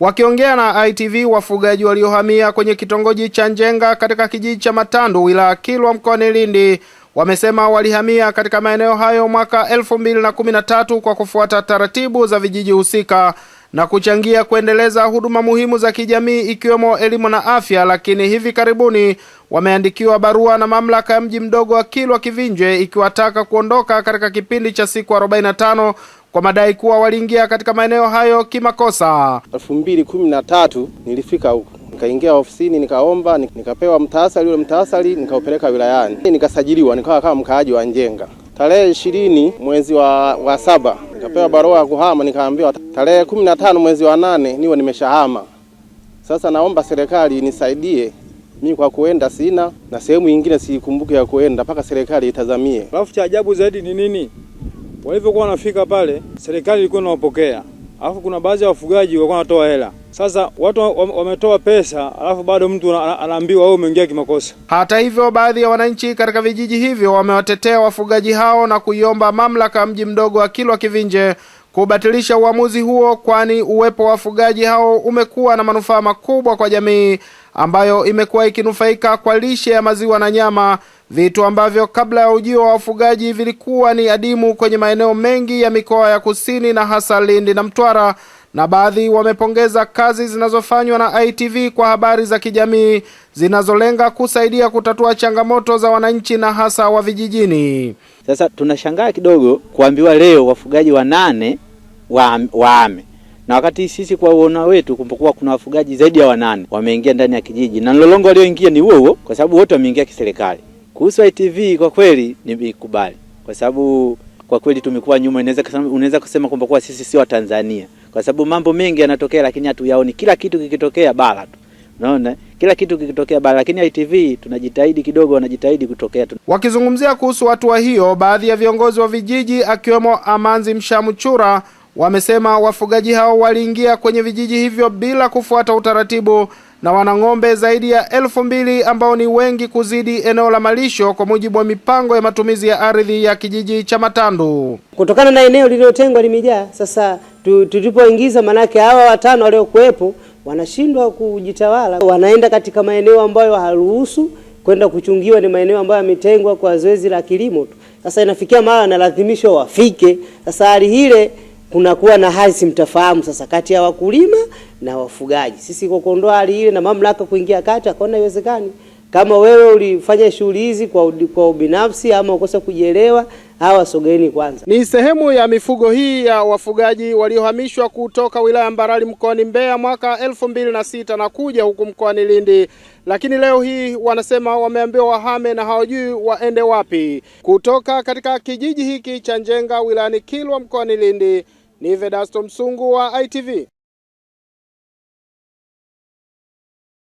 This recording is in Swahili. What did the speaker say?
Wakiongea na ITV, wafugaji waliohamia kwenye kitongoji cha Njenga katika kijiji cha Matandu wilaya Kilwa mkoani Lindi wamesema walihamia katika maeneo hayo mwaka 2013 kwa kufuata taratibu za vijiji husika na kuchangia kuendeleza huduma muhimu za kijamii ikiwemo elimu na afya, lakini hivi karibuni wameandikiwa barua na mamlaka ya mji mdogo wa Kilwa Kivinje ikiwataka kuondoka katika kipindi cha siku 45 kwa madai kuwa waliingia katika maeneo hayo kimakosa. elfu mbili kumi na tatu nilifika huko nikaingia ofisini nikaomba nikapewa mtasari Ule mtasari nikaupeleka wilayani nikasajiliwa, nikawa kama mkaaji wa Njenga. Tarehe ishirini mwezi wa, wa saba nikapewa barua ya kuhama, nikaambiwa tarehe kumi na tano mwezi wa nane niwe nimeshahama. Sasa naomba serikali nisaidie mi kwa kuenda sina na sehemu nyingine sikumbuke ya kuenda mpaka serikali itazamie. Alafu cha ajabu zaidi ni nini? Walivyokuwa wanafika pale, serikali ilikuwa inawapokea, alafu kuna baadhi ya wafugaji walikuwa wanatoa hela. Sasa watu wametoa pesa, alafu bado mtu anaambiwa wewe umeingia kimakosa. Hata hivyo, baadhi ya wananchi katika vijiji hivyo wamewatetea wafugaji hao na kuiomba mamlaka mji mdogo wa Kilwa Kivinje kubatilisha uamuzi huo, kwani uwepo wa wafugaji hao umekuwa na manufaa makubwa kwa jamii ambayo imekuwa ikinufaika kwa lishe ya maziwa na nyama vitu ambavyo kabla ya ujio wa wafugaji vilikuwa ni adimu kwenye maeneo mengi ya mikoa ya kusini na hasa Lindi na Mtwara, na baadhi wamepongeza kazi zinazofanywa na ITV kwa habari za kijamii zinazolenga kusaidia kutatua changamoto za wananchi na hasa wa vijijini. Sasa tunashangaa kidogo kuambiwa leo wafugaji wanane waame wa na wakati sisi kwa uona wetu kumpokuwa kuna wafugaji zaidi ya wanane wameingia ndani ya kijiji, na mlolongo walioingia ni huo huo, kwa sababu wote wameingia kiserikali. Kuhusu ITV kwa kweli nimekubali kwa sababu kwa kweli tumekuwa nyuma, unaweza kusema unaweza kusema kwamba kwa sisi sio Watanzania, kwa sababu mambo mengi yanatokea, lakini hatuyaoni. Kila kitu kikitokea bara tu unaona, kila kitu kikitokea bara, lakini ITV tunajitahidi kidogo, wanajitahidi kutokea tu. Wakizungumzia kuhusu hatua wa hiyo, baadhi ya viongozi wa vijiji akiwemo Amanzi Mshamuchura Wamesema wafugaji hao waliingia kwenye vijiji hivyo bila kufuata utaratibu na wana ng'ombe zaidi ya elfu mbili ambao ni wengi kuzidi eneo la malisho kwa mujibu wa mipango ya matumizi ya ardhi ya kijiji cha Matandu. Kutokana na eneo lililotengwa limejaa, sasa tulipoingiza, manake hawa watano waliokuwepo wanashindwa kujitawala, wanaenda katika maeneo ambayo haruhusu kwenda kuchungiwa, ni maeneo ambayo yametengwa kwa zoezi la kilimo tu. Sasa inafikia mara na lazimisho wafike. Sasa hali hile kunakuwa na hali simtafahamu sasa kati ya wakulima na wafugaji. Sisi kwa kuondoa hali ile na mamlaka kuingia kati, akaona iwezekani Kama wewe ulifanya shughuli hizi kwa, kwa ubinafsi ama ukosa kujielewa, hawa sogeni kwanza. Ni sehemu ya mifugo hii ya wafugaji waliohamishwa kutoka wilaya Mbarali mkoani Mbeya mwaka elfu mbili na sita na kuja huku mkoani Lindi, lakini leo hii wanasema wameambiwa wahame na hawajui waende wapi. Kutoka katika kijiji hiki cha Njenga wilayani Kilwa mkoani Lindi. Ni Vedasto Msungu wa ITV.